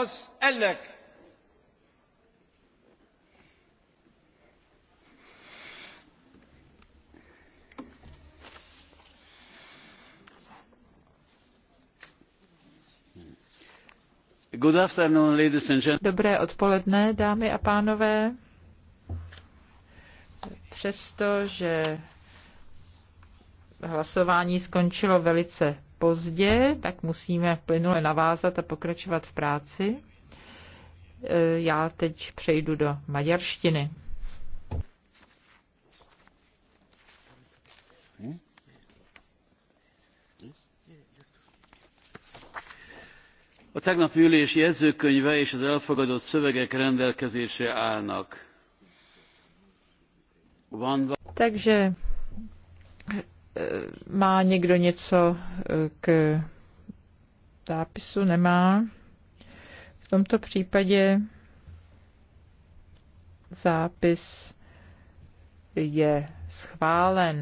az ennek Dobré odpoledne, dámy a pánové. Přestože hlasování skončilo velice pozdě, tak musíme plynule navázat a pokračovat v práci. E, já teď přejdu do maďarštiny. A tegnap ülés jegyzőkönyve és az elfogadott szövegek rendelkezésre állnak. Van... Takže má někdo něco eh, k zápisu? Nemá. V tomto případě zápis je schválen.